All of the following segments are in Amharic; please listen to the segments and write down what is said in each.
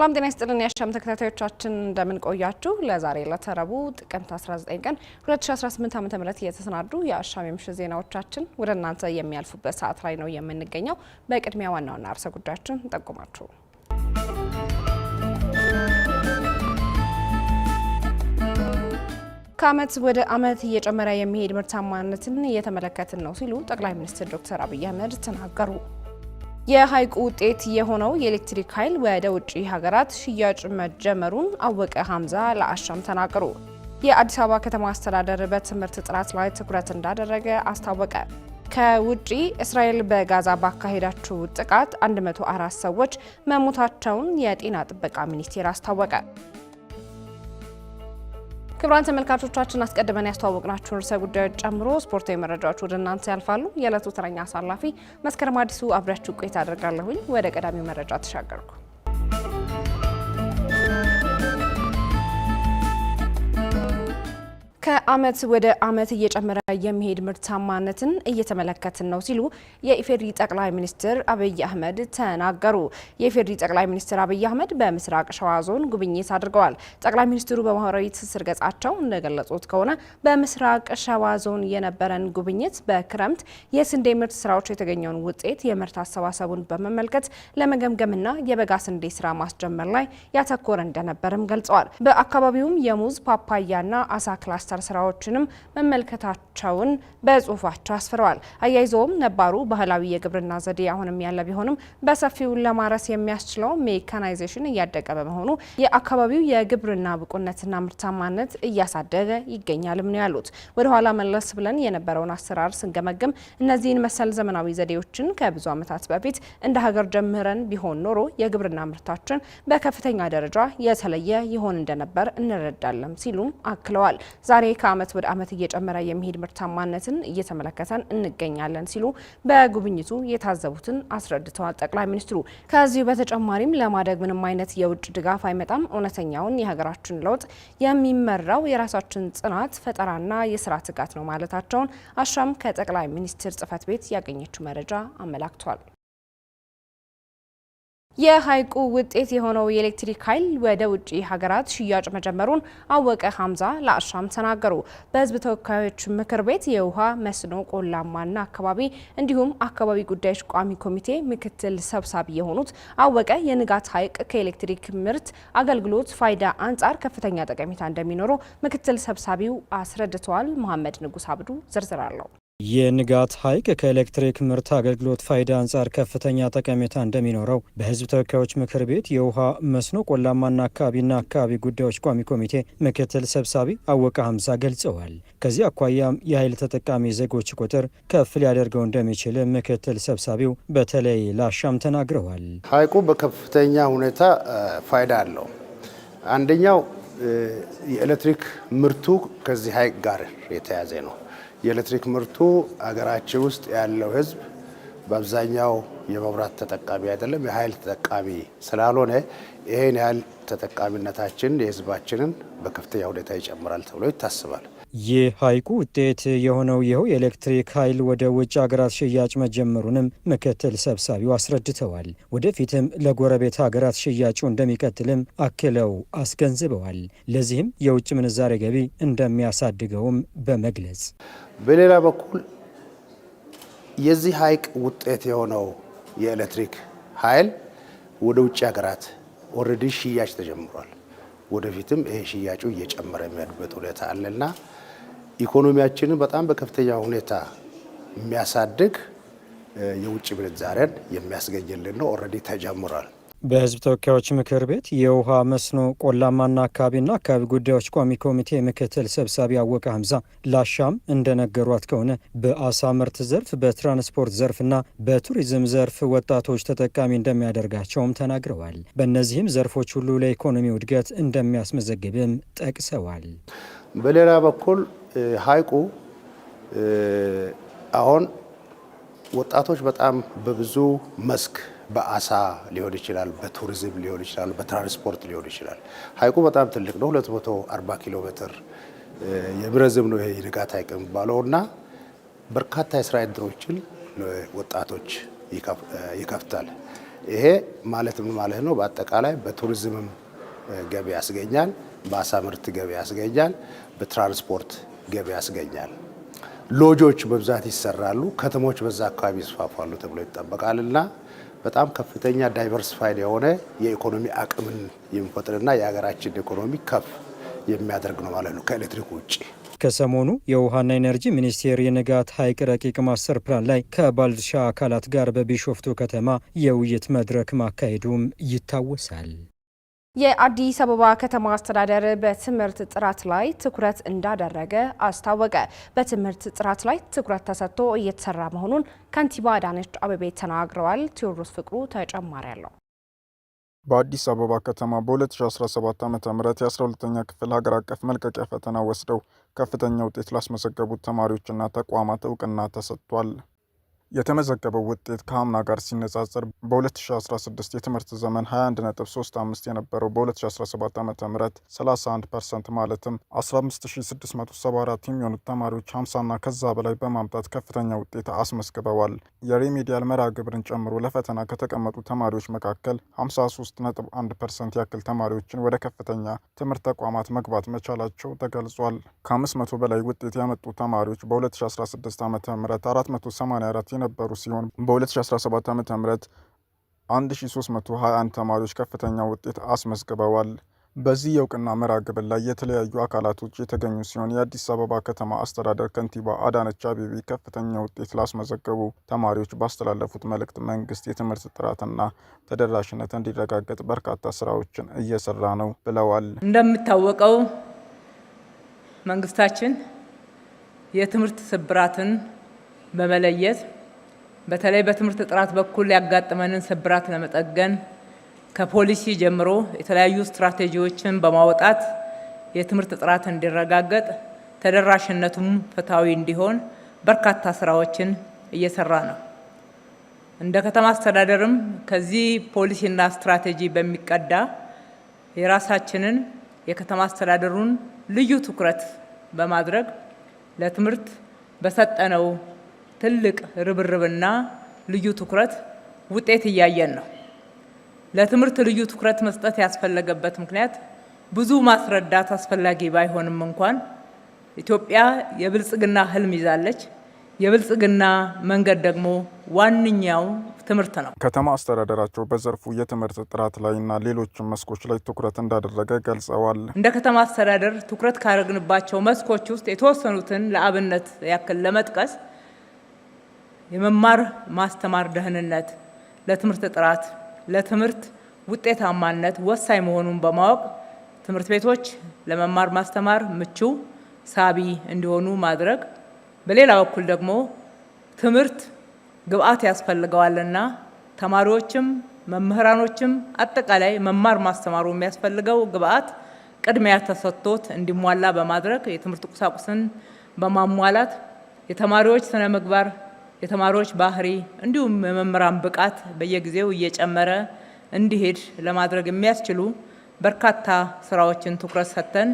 ሰላም ጤና ይስጥልን የአሻም ተከታታዮቻችን እንደምን ቆያችሁ? ለዛሬ ለተረቡ ጥቅምት 19 ቀን 2018 ዓ ም የተሰናዱ የአሻም የምሽት ዜናዎቻችን ወደ እናንተ የሚያልፉበት ሰዓት ላይ ነው የምንገኘው። በቅድሚያ ዋና ዋና ርዕሰ ጉዳዮችን እንጠቁማችሁ። ከዓመት ወደ አመት እየጨመረ የሚሄድ ምርታማነትን እየተመለከትን ነው ሲሉ ጠቅላይ ሚኒስትር ዶክተር አብይ አህመድ ተናገሩ። የሀይቁ ውጤት የሆነው የኤሌክትሪክ ኃይል ወደ ውጭ ሀገራት ሽያጭ መጀመሩን አወቀ ሀምዛ ለአሻም ተናገሩ። የአዲስ አበባ ከተማ አስተዳደር በትምህርት ጥራት ላይ ትኩረት እንዳደረገ አስታወቀ። ከውጪ እስራኤል በጋዛ ባካሄዳችው ጥቃት 104 ሰዎች መሞታቸውን የጤና ጥበቃ ሚኒስቴር አስታወቀ። ክቡራን ተመልካቾቻችን አስቀድመን ያስተዋወቅናችሁን ርዕሰ ጉዳዮች ጨምሮ ስፖርታዊ መረጃዎች ወደ እናንተ ያልፋሉ። የዕለቱ ተረኛ አሳላፊ መስከረም አዲሱ አብሪያችሁ ቆይታ አደርጋለሁኝ። ወደ ቀዳሚው መረጃ ተሻገርኩ። ከዓመት ወደ አመት እየጨመረ የሚሄድ ምርታማነትን እየተመለከትን ነው ሲሉ የኢፌዴሪ ጠቅላይ ሚኒስትር አብይ አህመድ ተናገሩ። የኢፌዴሪ ጠቅላይ ሚኒስትር አብይ አህመድ በምስራቅ ሸዋ ዞን ጉብኝት አድርገዋል። ጠቅላይ ሚኒስትሩ በማህበራዊ ትስስር ገጻቸው እንደገለጹት ከሆነ በምስራቅ ሸዋ ዞን የነበረን ጉብኝት በክረምት የስንዴ ምርት ስራዎች የተገኘውን ውጤት የምርት አሰባሰቡን በመመልከት ለመገምገምና የበጋ ስንዴ ስራ ማስጀመር ላይ ያተኮረ እንደነበርም ገልጸዋል። በአካባቢውም የሙዝ ፓፓያና አሳ ክላስ የፕላስተር ስራዎችንም መመልከታቸውን በጽሁፋቸው አስፍረዋል። አያይዘውም ነባሩ ባህላዊ የግብርና ዘዴ አሁንም ያለ ቢሆንም በሰፊው ለማረስ የሚያስችለው ሜካናይዜሽን እያደገ በመሆኑ የአካባቢው የግብርና ብቁነትና ምርታማነት እያሳደገ ይገኛልም ነው ያሉት። ወደኋላ መለስ ብለን የነበረውን አሰራር ስንገመግም እነዚህን መሰል ዘመናዊ ዘዴዎችን ከብዙ ዓመታት በፊት እንደ ሀገር ጀምረን ቢሆን ኖሮ የግብርና ምርታችን በከፍተኛ ደረጃ የተለየ ይሆን እንደነበር እንረዳለን ሲሉም አክለዋል። ዛሬ ከዓመት ወደ ዓመት እየጨመረ የሚሄድ ምርታማነትን እየተመለከተን እንገኛለን ሲሉ በጉብኝቱ የታዘቡትን አስረድተዋል ጠቅላይ ሚኒስትሩ። ከዚሁ በተጨማሪም ለማደግ ምንም አይነት የውጭ ድጋፍ አይመጣም፣ እውነተኛውን የሀገራችን ለውጥ የሚመራው የራሳችን ጽናት፣ ፈጠራና የስራ ትጋት ነው ማለታቸውን አሻም ከጠቅላይ ሚኒስትር ጽህፈት ቤት ያገኘችው መረጃ አመላክቷል። የሐይቁ ውጤት የሆነው የኤሌክትሪክ ኃይል ወደ ውጭ ሀገራት ሽያጭ መጀመሩን አወቀ ሀምዛ ለአሻም ተናገሩ። በሕዝብ ተወካዮች ምክር ቤት የውሃ መስኖ ቆላማና አካባቢ እንዲሁም አካባቢ ጉዳዮች ቋሚ ኮሚቴ ምክትል ሰብሳቢ የሆኑት አወቀ የንጋት ሐይቅ ከኤሌክትሪክ ምርት አገልግሎት ፋይዳ አንጻር ከፍተኛ ጠቀሜታ እንደሚኖረው ምክትል ሰብሳቢው አስረድተዋል። መሐመድ ንጉስ አብዱ ዝርዝር አለው። የንጋት ሐይቅ ከኤሌክትሪክ ምርት አገልግሎት ፋይዳ አንጻር ከፍተኛ ጠቀሜታ እንደሚኖረው በሕዝብ ተወካዮች ምክር ቤት የውሃ መስኖ ቆላማና አካባቢና አካባቢ ጉዳዮች ቋሚ ኮሚቴ ምክትል ሰብሳቢ አወቀ ሀምዛ ገልጸዋል። ከዚህ አኳያም የኃይል ተጠቃሚ ዜጎች ቁጥር ከፍ ሊያደርገው እንደሚችል ምክትል ሰብሳቢው በተለይ ላሻም ተናግረዋል። ሐይቁ በከፍተኛ ሁኔታ ፋይዳ አለው። አንደኛው የኤሌክትሪክ ምርቱ ከዚህ ሐይቅ ጋር የተያዘ ነው። የኤሌክትሪክ ምርቱ አገራችን ውስጥ ያለው ህዝብ በአብዛኛው የመብራት ተጠቃሚ አይደለም፣ የኃይል ተጠቃሚ ስላልሆነ ይህን ያህል ተጠቃሚነታችን የህዝባችንን በከፍተኛ ሁኔታ ይጨምራል ተብሎ ይታስባል። የሀይቁ ውጤት የሆነው ይኸው የኤሌክትሪክ ኃይል ወደ ውጭ ሀገራት ሽያጭ መጀመሩንም ምክትል ሰብሳቢው አስረድተዋል። ወደፊትም ለጎረቤት ሀገራት ሽያጩ እንደሚቀጥልም አክለው አስገንዝበዋል። ለዚህም የውጭ ምንዛሬ ገቢ እንደሚያሳድገውም በመግለጽ በሌላ በኩል የዚህ ሀይቅ ውጤት የሆነው የኤሌክትሪክ ኃይል ወደ ውጭ ሀገራት ኦልሬዲ ሽያጭ ተጀምሯል። ወደፊትም ይሄ ሽያጩ እየጨመረ የሚሄድበት ሁኔታ አለና ኢኮኖሚያችንን በጣም በከፍተኛ ሁኔታ የሚያሳድግ የውጭ ምንዛሬን የሚያስገኝልን ነው። ኦልሬዲ ተጀምሯል። በህዝብ ተወካዮች ምክር ቤት የውሃ መስኖ ቆላማና አካባቢና አካባቢ ጉዳዮች ቋሚ ኮሚቴ ምክትል ሰብሳቢ አወቀ ሀምዛ ላሻም እንደነገሯት ከሆነ በአሳ ምርት ዘርፍ በትራንስፖርት ዘርፍና በቱሪዝም ዘርፍ ወጣቶች ተጠቃሚ እንደሚያደርጋቸውም ተናግረዋል። በእነዚህም ዘርፎች ሁሉ ለኢኮኖሚ እድገት እንደሚያስመዘግብም ጠቅሰዋል። በሌላ በኩል ሀይቁ አሁን ወጣቶች በጣም በብዙ መስክ በአሳ ሊሆን ይችላል፣ በቱሪዝም ሊሆን ይችላል፣ በትራንስፖርት ሊሆን ይችላል። ሀይቁ በጣም ትልቅ ነው። 240 ኪሎ ሜትር የብረዝም ነው። ይሄ ንጋት ሀይቅ የሚባለው እና በርካታ የስራ እድሎችን ወጣቶች ይከፍታል። ይሄ ማለት ምን ማለት ነው? በአጠቃላይ በቱሪዝምም ገቢ ያስገኛል፣ በአሳ ምርት ገቢ ያስገኛል፣ በትራንስፖርት ገቢ ያስገኛል። ሎጆች በብዛት ይሰራሉ። ከተሞች በዛ አካባቢ ይስፋፋሉ ተብሎ ይጠበቃልና በጣም ከፍተኛ ዳይቨርሲፋይድ የሆነ የኢኮኖሚ አቅምን የሚፈጥርና የሀገራችን ኢኮኖሚ ከፍ የሚያደርግ ነው ማለት ነው ከኤሌክትሪክ ውጭ። ከሰሞኑ የውሃና ኢነርጂ ሚኒስቴር የንጋት ሐይቅ ረቂቅ ማስተር ፕላን ላይ ከባልድሻ አካላት ጋር በቢሾፍቱ ከተማ የውይይት መድረክ ማካሄዱም ይታወሳል። የአዲስ አበባ ከተማ አስተዳደር በትምህርት ጥራት ላይ ትኩረት እንዳደረገ አስታወቀ። በትምህርት ጥራት ላይ ትኩረት ተሰጥቶ እየተሰራ መሆኑን ከንቲባ አዳነች አቤቤ ተናግረዋል። ቴዎድሮስ ፍቅሩ ተጨማሪ አለው። በአዲስ አበባ ከተማ በ2017 ዓ ም የ12ኛ ክፍል ሀገር አቀፍ መልቀቂያ ፈተና ወስደው ከፍተኛ ውጤት ላስመዘገቡት ተማሪዎችና ተቋማት እውቅና ተሰጥቷል። የተመዘገበው ውጤት ከአምና ጋር ሲነጻጸር በ2016 የትምህርት ዘመን 21.35 የነበረው በ2017 ዓ ም 31 ፐርሰንት ማለትም 15674 የሚሆኑት ተማሪዎች 50ና ከዛ በላይ በማምጣት ከፍተኛ ውጤት አስመዝግበዋል። የሪሜዲያል መርሃ ግብርን ጨምሮ ለፈተና ከተቀመጡ ተማሪዎች መካከል 53.1 ፐርሰንት ያክል ተማሪዎችን ወደ ከፍተኛ ትምህርት ተቋማት መግባት መቻላቸው ተገልጿል። ከ500 በላይ ውጤት ያመጡ ተማሪዎች በ2016 ዓ ም 484 የነበሩ ሲሆን በ2017 ዓ ም 1321 ተማሪዎች ከፍተኛ ውጤት አስመዝግበዋል። በዚህ የእውቅና መርሃ ግብር ላይ የተለያዩ አካላቶች የተገኙ ሲሆን የአዲስ አበባ ከተማ አስተዳደር ከንቲባ አዳነች አቤቤ ከፍተኛ ውጤት ላስመዘገቡ ተማሪዎች ባስተላለፉት መልእክት መንግስት የትምህርት ጥራትና ተደራሽነት እንዲረጋገጥ በርካታ ስራዎችን እየሰራ ነው ብለዋል። እንደሚታወቀው መንግስታችን የትምህርት ስብራትን በመለየት በተለይ በትምህርት ጥራት በኩል ያጋጠመንን ስብራት ለመጠገን ከፖሊሲ ጀምሮ የተለያዩ ስትራቴጂዎችን በማውጣት የትምህርት ጥራት እንዲረጋገጥ ተደራሽነቱም ፍትሐዊ እንዲሆን በርካታ ስራዎችን እየሰራ ነው። እንደ ከተማ አስተዳደርም ከዚህ ፖሊሲና ስትራቴጂ በሚቀዳ የራሳችንን የከተማ አስተዳደሩን ልዩ ትኩረት በማድረግ ለትምህርት በሰጠነው ትልቅ ርብርብና ልዩ ትኩረት ውጤት እያየን ነው። ለትምህርት ልዩ ትኩረት መስጠት ያስፈለገበት ምክንያት ብዙ ማስረዳት አስፈላጊ ባይሆንም እንኳን ኢትዮጵያ የብልጽግና ህልም ይዛለች። የብልጽግና መንገድ ደግሞ ዋነኛው ትምህርት ነው። ከተማ አስተዳደራቸው በዘርፉ የትምህርት ጥራት ላይና ሌሎችም መስኮች ላይ ትኩረት እንዳደረገ ገልጸዋል። እንደ ከተማ አስተዳደር ትኩረት ካደረግንባቸው መስኮች ውስጥ የተወሰኑትን ለአብነት ያክል ለመጥቀስ የመማር ማስተማር ደህንነት ለትምህርት ጥራት፣ ለትምህርት ውጤታማነት ወሳኝ መሆኑን በማወቅ ትምህርት ቤቶች ለመማር ማስተማር ምቹ፣ ሳቢ እንዲሆኑ ማድረግ፣ በሌላ በኩል ደግሞ ትምህርት ግብዓት ያስፈልገዋልና ተማሪዎችም መምህራኖችም አጠቃላይ መማር ማስተማሩ የሚያስፈልገው ግብዓት ቅድሚያ ተሰጥቶት እንዲሟላ በማድረግ የትምህርት ቁሳቁስን በማሟላት የተማሪዎች ስነ ምግባር የተማሪዎች ባህሪ እንዲሁም የመምህራን ብቃት በየጊዜው እየጨመረ እንዲሄድ ለማድረግ የሚያስችሉ በርካታ ስራዎችን ትኩረት ሰጥተን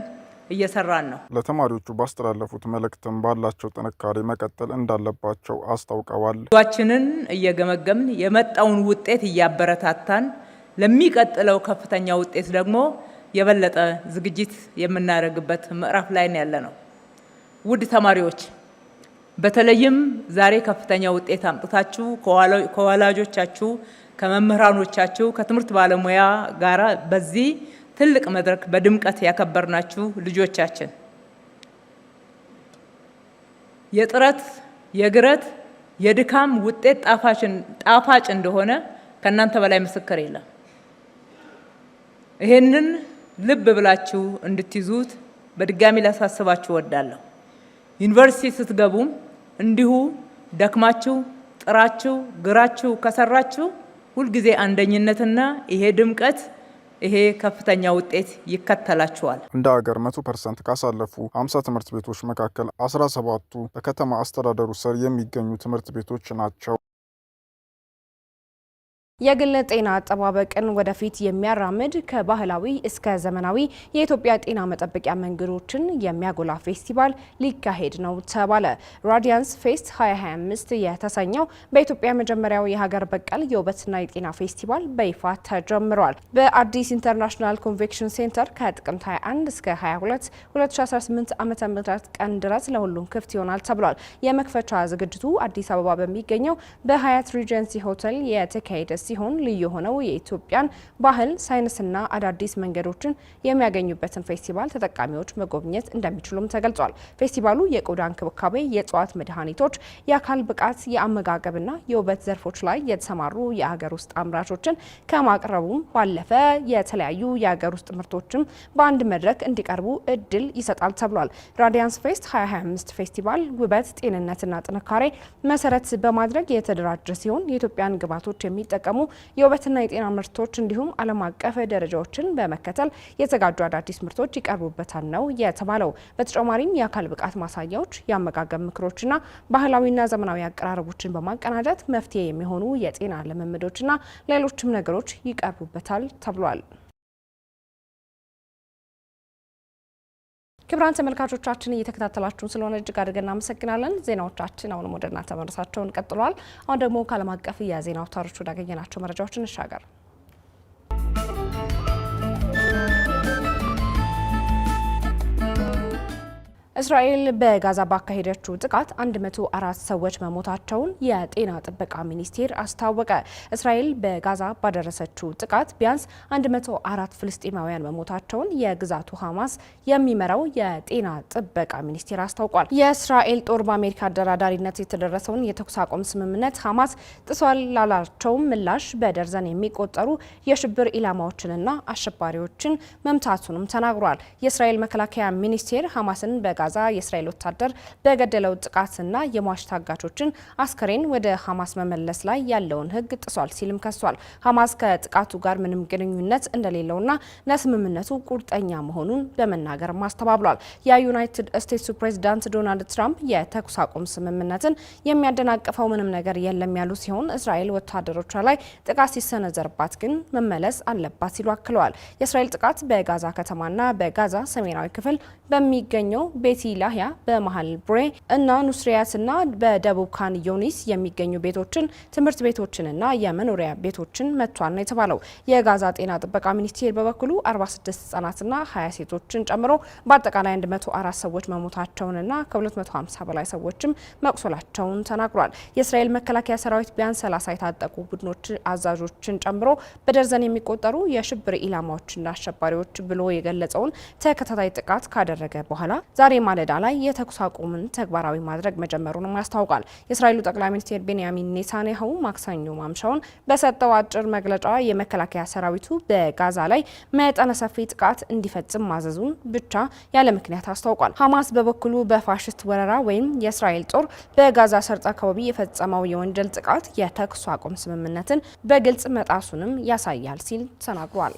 እየሰራን ነው። ለተማሪዎቹ ባስተላለፉት መልእክትም ባላቸው ጥንካሬ መቀጠል እንዳለባቸው አስታውቀዋል። ጓችንን እየገመገምን የመጣውን ውጤት እያበረታታን ለሚቀጥለው ከፍተኛ ውጤት ደግሞ የበለጠ ዝግጅት የምናደርግበት ምዕራፍ ላይ ያለ ነው። ውድ ተማሪዎች በተለይም ዛሬ ከፍተኛ ውጤት አምጥታችሁ ከወላጆቻችሁ፣ ከመምህራኖቻችሁ፣ ከትምህርት ባለሙያ ጋራ በዚህ ትልቅ መድረክ በድምቀት ያከበርናችሁ ልጆቻችን የጥረት የግረት የድካም ውጤት ጣፋጭ እንደሆነ ከእናንተ በላይ ምስክር የለም። ይሄንን ልብ ብላችሁ እንድትይዙት በድጋሚ ላሳስባችሁ እወዳለሁ። ዩኒቨርሲቲ ስትገቡም እንዲሁ ደክማችሁ ጥራችሁ ግራችሁ ከሰራችሁ ሁልጊዜ አንደኝነትና ይሄ ድምቀት ይሄ ከፍተኛ ውጤት ይከተላቸዋል። እንደ ሀገር መቶ ፐርሰንት ካሳለፉ አምሳ ትምህርት ቤቶች መካከል አስራ ሰባቱ በከተማ አስተዳደሩ ስር የሚገኙ ትምህርት ቤቶች ናቸው። የግል ጤና አጠባበቅን ወደፊት የሚያራምድ ከባህላዊ እስከ ዘመናዊ የኢትዮጵያ ጤና መጠበቂያ መንገዶችን የሚያጎላ ፌስቲቫል ሊካሄድ ነው ተባለ። ራዲያንስ ፌስት 2025 የተሰኘው በኢትዮጵያ መጀመሪያው የሀገር በቀል የውበትና የጤና ፌስቲቫል በይፋ ተጀምሯል። በአዲስ ኢንተርናሽናል ኮንቬክሽን ሴንተር ከጥቅምት 21 እስከ 22 2018 ዓ.ም ቀን ድረስ ለሁሉም ክፍት ይሆናል ተብሏል። የመክፈቻ ዝግጅቱ አዲስ አበባ በሚገኘው በሀያት ሪጀንሲ ሆቴል የተካሄደ ሲሆን ልዩ የሆነው የኢትዮጵያን ባህል፣ ሳይንስና አዳዲስ መንገዶችን የሚያገኙበትን ፌስቲቫል ተጠቃሚዎች መጎብኘት እንደሚችሉም ተገልጿል። ፌስቲቫሉ የቆዳ እንክብካቤ፣ የእጽዋት መድኃኒቶች፣ የአካል ብቃት፣ የአመጋገብና የውበት ዘርፎች ላይ የተሰማሩ የሀገር ውስጥ አምራቾችን ከማቅረቡም ባለፈ የተለያዩ የሀገር ውስጥ ምርቶችም በአንድ መድረክ እንዲቀርቡ እድል ይሰጣል ተብሏል። ራዲያንስ ፌስት 2025 ፌስቲቫል ውበት፣ ጤንነትና ጥንካሬ መሰረት በማድረግ የተደራጀ ሲሆን የኢትዮጵያን ግብዓቶች የሚጠቀሙ የተሸለሙ የውበትና የጤና ምርቶች እንዲሁም ዓለም አቀፍ ደረጃዎችን በመከተል የተዘጋጁ አዳዲስ ምርቶች ይቀርቡበታል ነው የተባለው። በተጨማሪም የአካል ብቃት ማሳያዎች፣ የአመጋገብ ምክሮችና ባህላዊና ዘመናዊ አቀራረቦችን በማቀናጀት መፍትሄ የሚሆኑ የጤና ልምምዶችና ሌሎችም ነገሮች ይቀርቡበታል ተብሏል። ክብራን ተመልካቾቻችን እየተከታተላችሁን ስለሆነ እጅግ አድርገን እናመሰግናለን። ዜናዎቻችን አሁንም ወደ እናንተ መድረሳቸውን ቀጥሏል። አሁን ደግሞ ከዓለም አቀፍ የዜና አውታሮች ወዳገኘናቸው መረጃዎች እንሻገር። እስራኤል በጋዛ ባካሄደችው ጥቃት 104 ሰዎች መሞታቸውን የጤና ጥበቃ ሚኒስቴር አስታወቀ። እስራኤል በጋዛ ባደረሰችው ጥቃት ቢያንስ 104 ፍልስጤማውያን መሞታቸውን የግዛቱ ሐማስ የሚመራው የጤና ጥበቃ ሚኒስቴር አስታውቋል። የእስራኤል ጦር በአሜሪካ አደራዳሪነት የተደረሰውን የተኩስ አቁም ስምምነት ሐማስ ጥሷል ላላቸውም ምላሽ በደርዘን የሚቆጠሩ የሽብር ኢላማዎችንና አሸባሪዎችን መምታቱንም ተናግሯል። የእስራኤል መከላከያ ሚኒስቴር ሐማስን በጋ ጋዛ የእስራኤል ወታደር በገደለው ጥቃትና የሟች ታጋቾችን አስከሬን ወደ ሐማስ መመለስ ላይ ያለውን ሕግ ጥሷል ሲልም ከሷል። ሐማስ ከጥቃቱ ጋር ምንም ግንኙነት እንደሌለውና ለስምምነቱ ቁርጠኛ መሆኑን በመናገርም አስተባብሏል። የዩናይትድ ስቴትሱ ፕሬዚዳንት ዶናልድ ትራምፕ የተኩስ አቁም ስምምነትን የሚያደናቅፈው ምንም ነገር የለም ያሉ ሲሆን እስራኤል ወታደሮቿ ላይ ጥቃት ሲሰነዘርባት ግን መመለስ አለባት ሲሉ አክለዋል። የእስራኤል ጥቃት በጋዛ ከተማና በጋዛ ሰሜናዊ ክፍል በሚገኘው ቤት ቤቲ ላህያ በመሃል ብሬ እና ኑስሪያትና በደቡብ ካን ዮኒስ የሚገኙ ቤቶችን፣ ትምህርት ቤቶችንና የመኖሪያ ቤቶችን መቷል ነው የተባለው። የጋዛ ጤና ጥበቃ ሚኒስቴር በበኩሉ 46 ህጻናትና 20 ሴቶችን ጨምሮ በአጠቃላይ 104 ሰዎች መሞታቸውንና ከ250 በላይ ሰዎችም መቁሰላቸውን ተናግሯል። የእስራኤል መከላከያ ሰራዊት ቢያንስ 30 የታጠቁ ቡድኖች አዛዦችን ጨምሮ በደርዘን የሚቆጠሩ የሽብር ኢላማዎችና አሸባሪዎች ብሎ የገለጸውን ተከታታይ ጥቃት ካደረገ በኋላ ዛሬ ማለዳ ላይ የተኩስ አቁምን ተግባራዊ ማድረግ መጀመሩንም አስታውቋል። የእስራኤሉ ጠቅላይ ሚኒስትር ቤንያሚን ኔታንያሁ ማክሰኞ ማምሻውን በሰጠው አጭር መግለጫ የመከላከያ ሰራዊቱ በጋዛ ላይ መጠነ ሰፊ ጥቃት እንዲፈጽም ማዘዙን ብቻ ያለ ምክንያት አስታውቋል። ሐማስ በበኩሉ በፋሽስት ወረራ ወይም የእስራኤል ጦር በጋዛ ሰርጥ አካባቢ የፈጸመው የወንጀል ጥቃት የተኩስ አቁም ስምምነትን በግልጽ መጣሱንም ያሳያል ሲል ተናግሯል።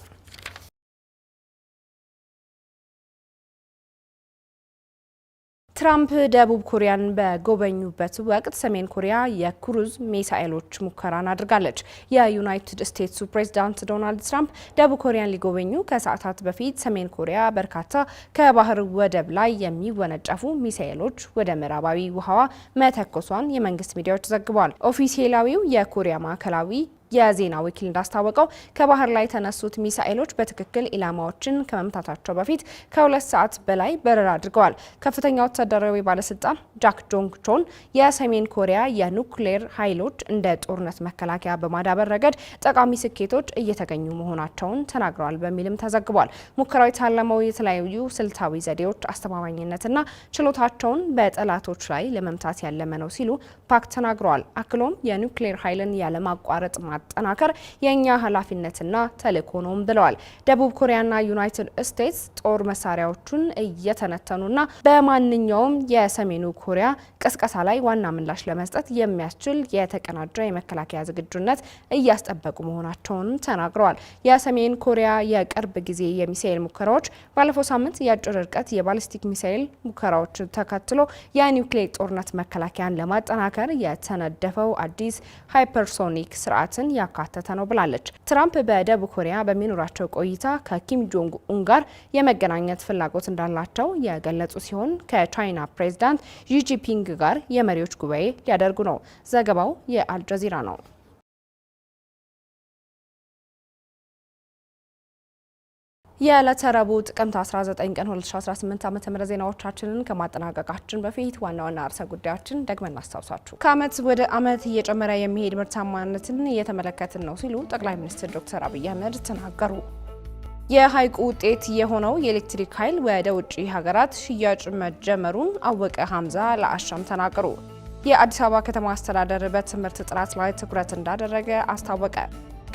ትራምፕ ደቡብ ኮሪያን በጎበኙበት ወቅት ሰሜን ኮሪያ የክሩዝ ሚሳኤሎች ሙከራን አድርጋለች። የዩናይትድ ስቴትሱ ፕሬዚዳንት ዶናልድ ትራምፕ ደቡብ ኮሪያን ሊጎበኙ ከሰዓታት በፊት ሰሜን ኮሪያ በርካታ ከባህር ወደብ ላይ የሚወነጨፉ ሚሳኤሎች ወደ ምዕራባዊ ውሃዋ መተኮሷን የመንግስት ሚዲያዎች ዘግበዋል። ኦፊሴላዊው የኮሪያ ማዕከላዊ የዜና ወኪል እንዳስታወቀው ከባህር ላይ የተነሱት ሚሳኤሎች በትክክል ኢላማዎችን ከመምታታቸው በፊት ከሁለት ሰዓት በላይ በረራ አድርገዋል። ከፍተኛ ወታደራዊ ባለስልጣን ጃክ ጆንግ ቾን የሰሜን ኮሪያ የኑክሌር ኃይሎች እንደ ጦርነት መከላከያ በማዳበር ረገድ ጠቃሚ ስኬቶች እየተገኙ መሆናቸውን ተናግረዋል በሚልም ተዘግቧል። ሙከራው የታለመው የተለያዩ ስልታዊ ዘዴዎች አስተማማኝነትና ችሎታቸውን በጠላቶች ላይ ለመምታት ያለመ ነው ሲሉ ፓክ ተናግረዋል። አክሎም የኑክሌር ኃይልን ያለማቋረጥ ማጠናከር የእኛ ኃላፊነትና ተልዕኮ ነውም ብለዋል። ደቡብ ኮሪያና ዩናይትድ ስቴትስ ጦር መሳሪያዎቹን እየተነተኑና በማንኛውም የሰሜኑ ኮሪያ ቅስቀሳ ላይ ዋና ምላሽ ለመስጠት የሚያስችል የተቀናጀ የመከላከያ ዝግጁነት እያስጠበቁ መሆናቸውንም ተናግረዋል። የሰሜን ኮሪያ የቅርብ ጊዜ የሚሳኤል ሙከራዎች ባለፈው ሳምንት የአጭር ርቀት የባሊስቲክ ሚሳኤል ሙከራዎች ተከትሎ የኒውክሌር ጦርነት መከላከያን ለማጠናከር የተነደፈው አዲስ ሃይፐርሶኒክ ስርዓትን ሀሳብን ያካተተ ነው ብላለች። ትራምፕ በደቡብ ኮሪያ በሚኖራቸው ቆይታ ከኪም ጆንግ ኡን ጋር የመገናኘት ፍላጎት እንዳላቸው የገለጹ ሲሆን ከቻይና ፕሬዚዳንት ዢጂፒንግ ጋር የመሪዎች ጉባኤ ሊያደርጉ ነው። ዘገባው የአልጀዚራ ነው። የዕለተ ረቡዕ ጥቅምት 19 ቀን 2018 ዓ ም ዜናዎቻችንን ከማጠናቀቃችን በፊት ዋና ዋና ርዕሰ ጉዳዮችን ደግመን እናስታውሳችሁ። ከዓመት ወደ ዓመት እየጨመረ የሚሄድ ምርታማነትን እየተመለከትን ነው ሲሉ ጠቅላይ ሚኒስትር ዶክተር አብይ አህመድ ተናገሩ። የሐይቁ ውጤት የሆነው የኤሌክትሪክ ኃይል ወደ ውጭ ሀገራት ሽያጭ መጀመሩን አወቀ ሀምዛ ለአሻም ተናገሩ። የአዲስ አበባ ከተማ አስተዳደር በትምህርት ጥራት ላይ ትኩረት እንዳደረገ አስታወቀ።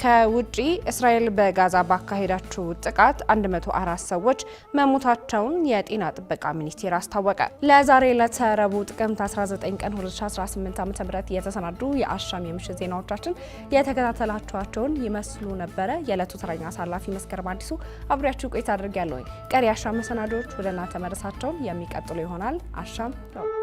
ከውጪ እስራኤል በጋዛ ባካሄዳችው ጥቃት 104 ሰዎች መሞታቸውን የጤና ጥበቃ ሚኒስቴር አስታወቀ። ለዛሬ ለተረቡ ጥቅምት 19 ቀን 2018 ዓ.ም የተሰናዱ የአሻም የምሽት ዜናዎቻችን የተከታተላችኋቸውን ይመስሉ ነበረ። የዕለቱ ተረኛ አሳላፊ መስከረም አዲሱ አብሬያችሁ ቆይታ አድርጌያለሁ። ቀሪ የአሻም መሰናዶዎች ወደ እናንተ መድረሳቸውን የሚቀጥሉ ይሆናል። አሻም